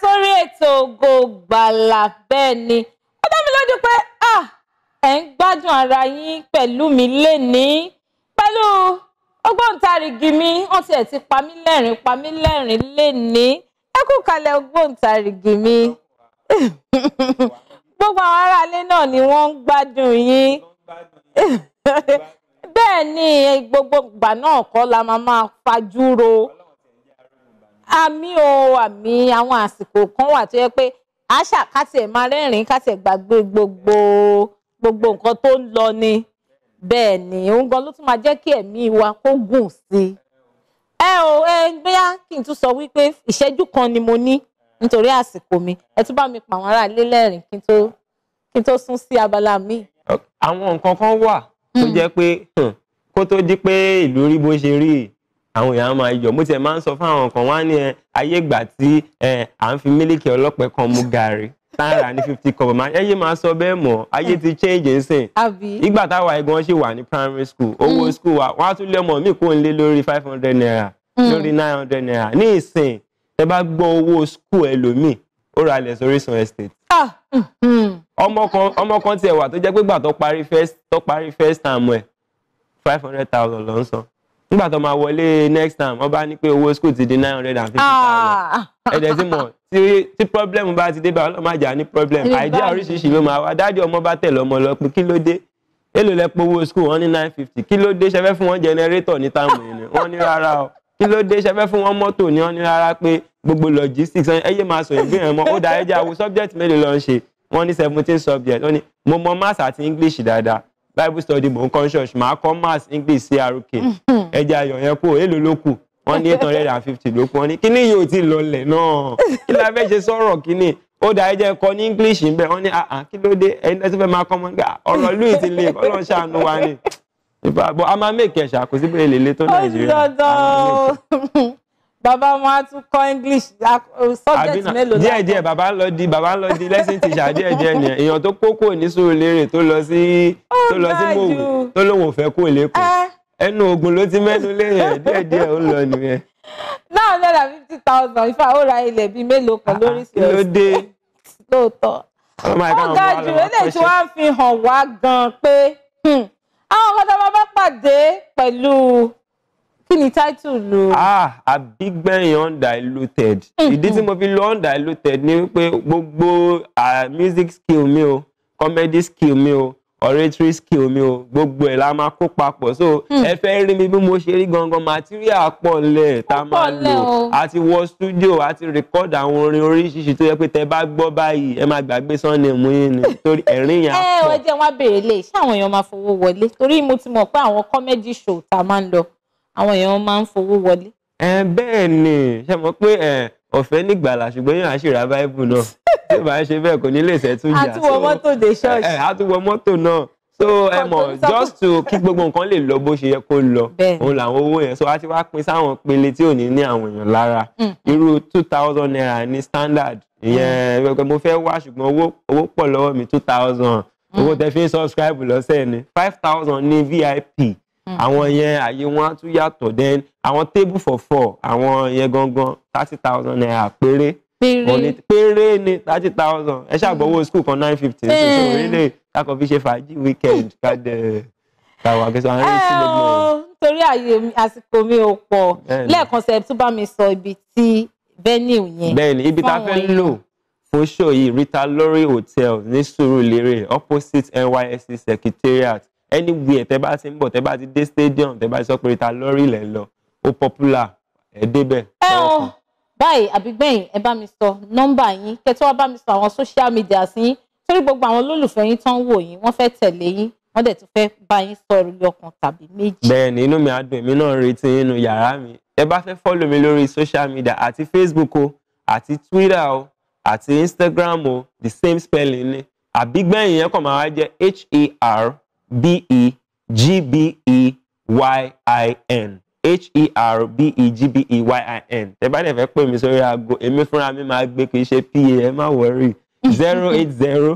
sórí ètò Ògo Ìgbàlà bẹ́ẹ̀ ni ó dá mi lójú pé ẹ̀ ń gbádùn ara yín pẹ̀lú mi lénìí pẹ̀lú ògbóǹtarìgì mi wọ́n tiẹ̀ ti pa mí lẹ́rìn pa mí lẹ́rìn lénìí ẹ kú kalẹ̀ ògbóǹtarìgì mi gbogbo àwọn aráalé náà ni wọ́n ń gbádùn yín bẹ́ẹ̀ ni gbogbo ìgbà náà kọ́ la máa máa fajúro àmì o àmì àwọn àsìkò kan wà tó yẹ pé àṣà kátìẹ̀ máa rẹ́rìn-ín kátìẹ̀ gbàgbé gbogbo gbogbo nǹkan tó ń lọ ni bẹ́ẹ̀ ni òun gan ló tún máa jẹ́ kí ẹ̀mí wa kó gùn sí i. ẹ o ẹ bóyá kí n tún sọ wípé ìṣẹ́jú kan ni mo ní nítorí àsìkò mi ẹ tún bá mi pa àwọn aráàlú lẹ́rìn kí n tó kí n tó sún sí abala mi. àwọn nǹkan kan wà tó hmm. jẹ́ pé hmm, kó tó di pé ìlú rí bó ṣe rí àwọn èèyàn máa yọ̀ mo tiẹ̀ máa ń sọ fáwọn kan wá ní ẹ ayé ìgbà tí à ń fi mílíkì ọlọ́pẹ kan mu gàrí tára ní fifty cup máa ẹyẹ máa sọ bẹ́ẹ̀ mọ́ ayé ti change nsìn ìgbà táwa ẹ̀gbọ́n ṣì wà ní primary school owó mm. school wa wọ́n á tún lé ọmọ mi kó ń lé lórí five hundred naira mm. lórí nine hundred naira ní ìsìn ẹ bá gbọ́ owó school ẹlòmíì ó ra ilẹ̀ sórí Orísun estate. Ah, mm-hmm. ọmọ kan ọmọ kan tiẹ̀ wà tó jẹ́ pé gbà tó parí first tó parí term ẹ̀ five hundred thousand ló ń nígbà tó máa wọlé next time wọ́n bá ní pé owó school ti di nine hundred and fifty thousand ah. ẹ̀dẹ̀ tí mọ̀ tí tí problem bá ti dé bá ọlọ́mọ àjà ní problem idea oríṣiríṣi ló máa wá dájú ọmọ bá tẹ̀lé ọmọ lọ pé kí ló dé èlò lẹ́pọ̀ owó school wọn ní nine fifty kí ló dé ṣẹfẹ́ fún wọn generator ní táwọn èèyàn wọn ní rárá o kí ló dé ṣẹfẹ́ fún wọn mọ́tò ní wọn ní rárá pé gbogbo logistics ẹyẹ máa sọ ìgbé yẹn mọ́ ó dá ẹjẹ àwọn subject mélòó lọ ń ṣe wọn ní seventeen subject wọn ní mo mọ maths àti English dáadáa bible study mò ń kọ́ church màá kọ́ maths english crk ẹja ayọ̀ yẹn kú èlò ló kù wọ́n ní eight hundred and fifty ló kù wọ́n ní kíní yóò ti lọlẹ̀ náà kí la fẹ́ ṣe sọ̀rọ̀ kíní ó dà ẹjẹ́ kọ́ ní english ń bẹ̀ wọ́n ní àhàn ah, ah, kí ló dé ẹni tó fẹ́ máa kọ́ mọ́ ọ̀rọ̀ lùi ti lè ọlọ́run ṣàánú wa ni ìbábọ̀ a máa mèkì ẹ̀ṣà kò sí tó nàìjíríà. Baba, wọn á tún kọ́ english subject mélòó lápò. díẹ̀ díẹ̀ bàbá ń lọ di bàbá ń lọ di lesson teacher díẹ̀ díẹ̀ ni èèyàn tó kó kò ní sùúrù lérè tó lọ sí tó lọ sí mòwé tó lóun ò fẹ́ kó lẹ́kọ̀ọ́ ah. ẹnu oògùn ló ti mẹ́nu léyìn díẹ̀ díẹ̀ ó ń lọ nìyẹn. náà náírà fifty thousand ifá ó ra ilẹ̀ bíi mélòó kan ah, lórí sí ọ̀sẹ̀ lóde lóòótọ́. ó ga jù eléyìí tí wọ́n fi hàn wá gan-an pé hmm, àwọn ọmọdé wọn bá pàdé pẹ̀lú kí ni title lo. ah àbígbẹ̀yìn undiluted hmm. ìdí tí mo fi lo undiluted ni pé gbogbo music skill mi o comedy skill mi o oratory skill mi o gbogbo ẹ̀ la máa kó papọ̀ so hmm. ẹ fẹ́ rí mi bí mo ṣe rí gangan material pọ̀ lẹ̀ tá a máa lò àti wọ studio àti record àwọn orin oríṣiríṣi tó yẹ pé tẹ bá gbọ́ báyìí ẹ máa gbàgbé Sunday mú yín ni torí ẹ̀rín yẹn á pọ̀. ẹ ẹ ọjọ́ wa béèrè lè e. ṣé àwọn èèyàn máa fowó wọlé torí mo ti mọ̀ pé àwọn comedy show tá a máa ń lọ àwọn èèyàn máa ń fowó wọlé. bẹ́ẹ̀ ni ṣe mọ̀ pé ọ̀fẹ́ nígbàlà ṣùgbọ́n yóò àṣìrà báíbù náà tí ó bá ń ṣe bẹ́ẹ̀ kò ní lè ṣẹ́tún jà. àtúwọ̀ mọ́tò dé ṣọ́ọ̀ṣì. àtúwọ̀ mọ́tò náà so ẹ mọ just to kí gbogbo nǹkan lè lọ bó ṣe yẹ kó lọ òun làwọn owó yẹn so a ti wá pín sáwọn pele tí ò ní ní àwọn èèyàn lára mm. irú two thousand naira ní standard ìyẹn pẹpẹ mm. mo fẹ́ wá ṣùgbọ́n owó owó pọ̀ lọ́wọ́ mi two thousand mm. owó tẹ fi ń subscribe lọ́sẹ̀ ni five thousand ní vip Mm. àwọn yẹn àyè wọn á tún yàtọ̀ then àwọn table for four àwọn yẹn gangan thirty thousand naira péré péré péré ni thirty thousand ẹ ṣàgbọ́wọ́ mm. school kan nine fifty ẹ ṣe sọ eh. orílẹ̀ kakọ fi ṣe fàájì weekend kádẹ káwọn akẹ́sọ̀ àwọn ẹ̀rọ sílẹ̀ náà. Eh, torí àyè àsìkò mi ò pọ̀ lẹ́ẹ̀kan sẹ́ẹ̀ tún bá mi sọ ibi tí venue yẹn. bẹ́ẹ̀ni ibi tá a fẹ́ lò fún show Rita Lori Hotel ní Sùúrùlérè opposite NYSC Secretariat anywhere tẹ bá ti ń bọ̀ tẹ bá ti dé stadium tẹ bá ti sọ pé ta lọ́rí lẹ̀ lọ ó popular ẹ débẹ̀. ẹ ọ báyìí àbígbẹ̀yìn ẹ bá mi sọ nọ́mbà yín kẹtọ́ wá bá mi sọ àwọn social media sí yín torí gbogbo àwọn olólùfẹ́ yín tán wò yín wọ́n fẹ́ tẹ̀lé yín wọ́n dẹ̀ tún fẹ́ bá yín sọ̀rọ̀ yọkàn tàbí méjì. bẹ́ẹ̀ni inú mi á dùn èmi náà retí nínú yàrá mi ẹ bá fẹ́ fọ́lù mi lórí social media àti facebook o àti twitter o àti instagram o the same spelling ni àbígbẹ̀yìn yẹn kàn máa wá jẹ́ h-e-r b e g b e y i n h e r b e g b e y i n tẹ́ bá dẹ̀ fẹ́ pè mí sórí aago èmi fúnra mi máa gbé kì í ṣe pa ẹ má wọrí zero eight zero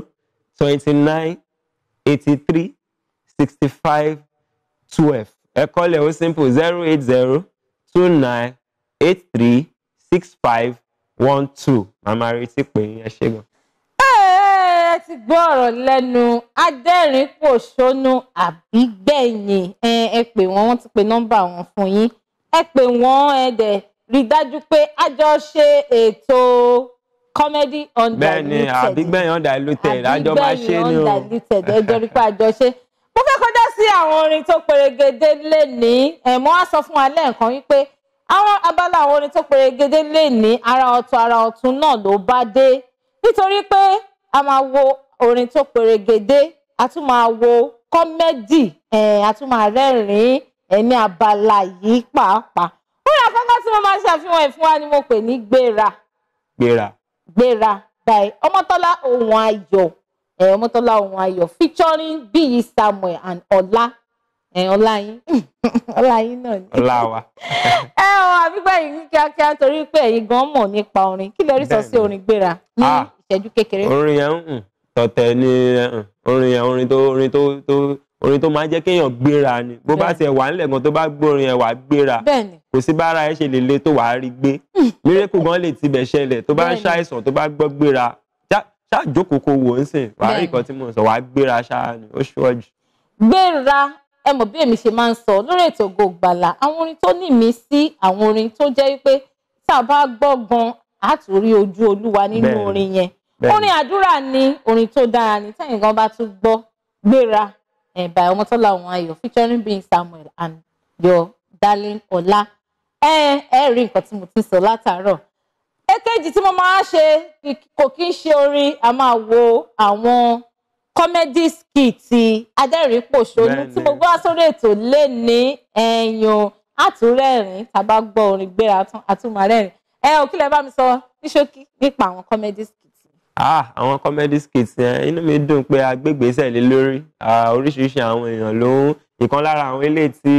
twenty nine eighty three sixty five twelve ẹ̀kọ́ lẹ̀ ó simple zero eight zero two nine eight three six five one two màmá retí pé yín ẹ ṣé gan ti gbọ́ ọ̀rọ̀ lẹ́nu adẹ́rìnpòṣónú àbígbẹ̀yìn ẹ pè wọ́n wọ́n ti pe nọ́mbà wọn fún yín ẹ pè wọ́n ẹ dẹ̀ rí dájú pé a jọ ṣe ètò comedy undiluted bẹ́ẹ̀ni àbígbẹ̀yìn undiluted àjọ máa ṣe ni o àbígbẹ̀yìn undiluted ẹ rí pé a ṣe mo fẹ́ kọjá sí àwọn orin tó perégedé lénìí ẹ̀ mọ́ á sọ fún wa lẹ́ẹ̀kan wípé àwọn abala àwọn orin tó perégedé lénìí ara ọ̀tún ara ọ̀tún náà ló bá dé nítorí pé a máa wo orin tó perégedé a tún máa wo kọ́mẹ́dì eh, a tún máa rẹ́rìn-ín ẹ̀mí abala yìí pàápàá orin àkọ́kọ́ tí mo máa ṣàfihàn ẹ̀ fún wa ni mo pè ní gbéra. gbéra. gbéra by ọmọtọ́lá ohun ayọ̀ eh, ọmọtọ́lá ohun ayọ̀ featuring bíyì e samuel and ọlá eh, ọláyín ọláyín náà ni. ọlá wa. ẹ ọ àbígbà yìí ní kíákíá torí pé ẹ̀yin gan mọ̀ nípa orin kí lẹ rí sọ sí orin gbéra. ah ìṣẹ́jú kékeré. orin yẹn ń tọ̀tẹ̀ ni eh, orin yẹn orin tó orin tó tó orin tó máa ń jẹ́ kéèyàn gbéra ni bó bá ti ẹ̀ wà nílẹ̀ gan tó bá gbórin ẹ̀ wà gbéra kò sí bára ẹ ṣe lè le tó wàá rí gbé mírèkù hmm. gan lè tibẹ̀ ṣẹlẹ̀ tó bá ń ṣàìsàn tó bá gbọ́ gbéra ṣáàjókòó kò wò ń sìn wàá rí nǹkan tí mò ń sọ wàá gbéra ṣáá ni ó ṣọ́ọ̀jù. gbéra ẹ mọ̀ bí èmi ṣe máa ń sọ lórí ètò Ògo àwọn orin tó ní mí sí àwọn orin tó jẹ́ wípé tá a bá gbọ́ gan àtúrí ojú Olúwa nínú orin yẹn orin àdúrà ni orin tó dára ni tẹ́yìn gan bá tún gbọ́ gbéra ẹ̀bà eh, ọmọtọ́lá òun ayọ̀ featuring being Samuel and your darling ọlá ẹ ẹ rí nǹkan tí mo ti sọ látàárọ̀ èkejì tí mo máa ṣe kò kí ń ṣe orin a máa wo àwọn comedy skit adẹ́rìnpòṣónú tí mo gbọ́ sórí ètò lé ní ẹ̀yàn àtúrẹ́rìn tàbá gbọ́ orin gbéra tán àtúmọ̀rẹ́rìn ẹ ò kí lẹ bá mi sọ ní ṣókí nípa àwọn comedy skit ah àwọn comedy skits yẹn inú mi dùn pé agbègbèsẹ̀ lé lórí oríṣiríṣi àwọn èèyàn ló ń ìkan lára àwọn eléyìí tí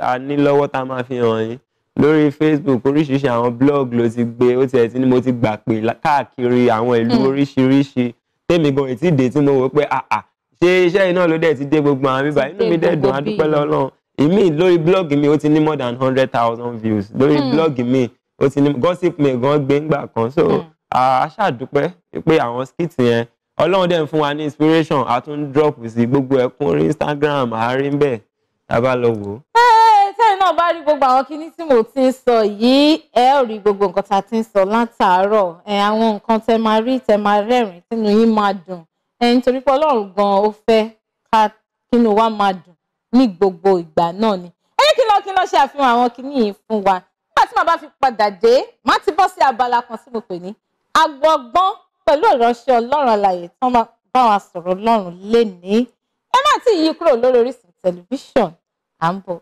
a ní lọ́wọ́ tá a máa fi hàn yín lórí facebook oríṣiríṣi àwọn blog ló ti gbé ó tiẹ̀ tí ni mo ti gbà pé káàkiri àwọn ìlú hmm. oríṣiríṣi tèmi gan ètí ìdè tí mo wò pé àà ah, ah, ṣé iṣẹ́ iná ló dẹ̀ ti dé gbogbo àwọn bíbá inú mi dẹ̀ dùn adúpẹ́ lọ́lọ́run ìmí lórí blog mi ó ti ní more than hundred thousand views lórí hmm. blog mi ó ti ní gossip mi gan gbé ńgbà kan so. Mm a ṣàdúpẹ́ pé àwọn skit yẹn ọlọ́run dẹ̀ ń fún wa ní inspiration a tún ń drop sí gbogbo ẹkún orí instagram àárín bẹ́ẹ̀ tá a bá lọ wò ó. tẹ́yìn náà bá rí gbogbo àwọn kinní tí mo ti ń sọ yìí ẹ ò rí gbogbo nǹkan tá a ti ń sọ látàárọ̀ àwọn nǹkan tẹ máa rí tẹ máa rẹ́rìn tínú yín máa dùn nítorí pé ọlọ́run gan ó fẹ́ ká kínú wa máa dùn ní gbogbo ìgbà náà ni ẹ kí lọ kí lọ ṣe àfihàn àwọn kinní yìí fún wa nígbà tí màá bá fi padà dé màá ti bọ́ sí abala kan tí mo pè ní agbọgbọ́n pẹ̀lú ìránṣẹ́ ọlọ́run àlàyé tí wọ́n bá wa sọ̀rọ̀ ọlọ́run lénìí ẹ má tí ì yí kúrò lórí Orísun tẹlifíṣọ̀n à ń bọ̀.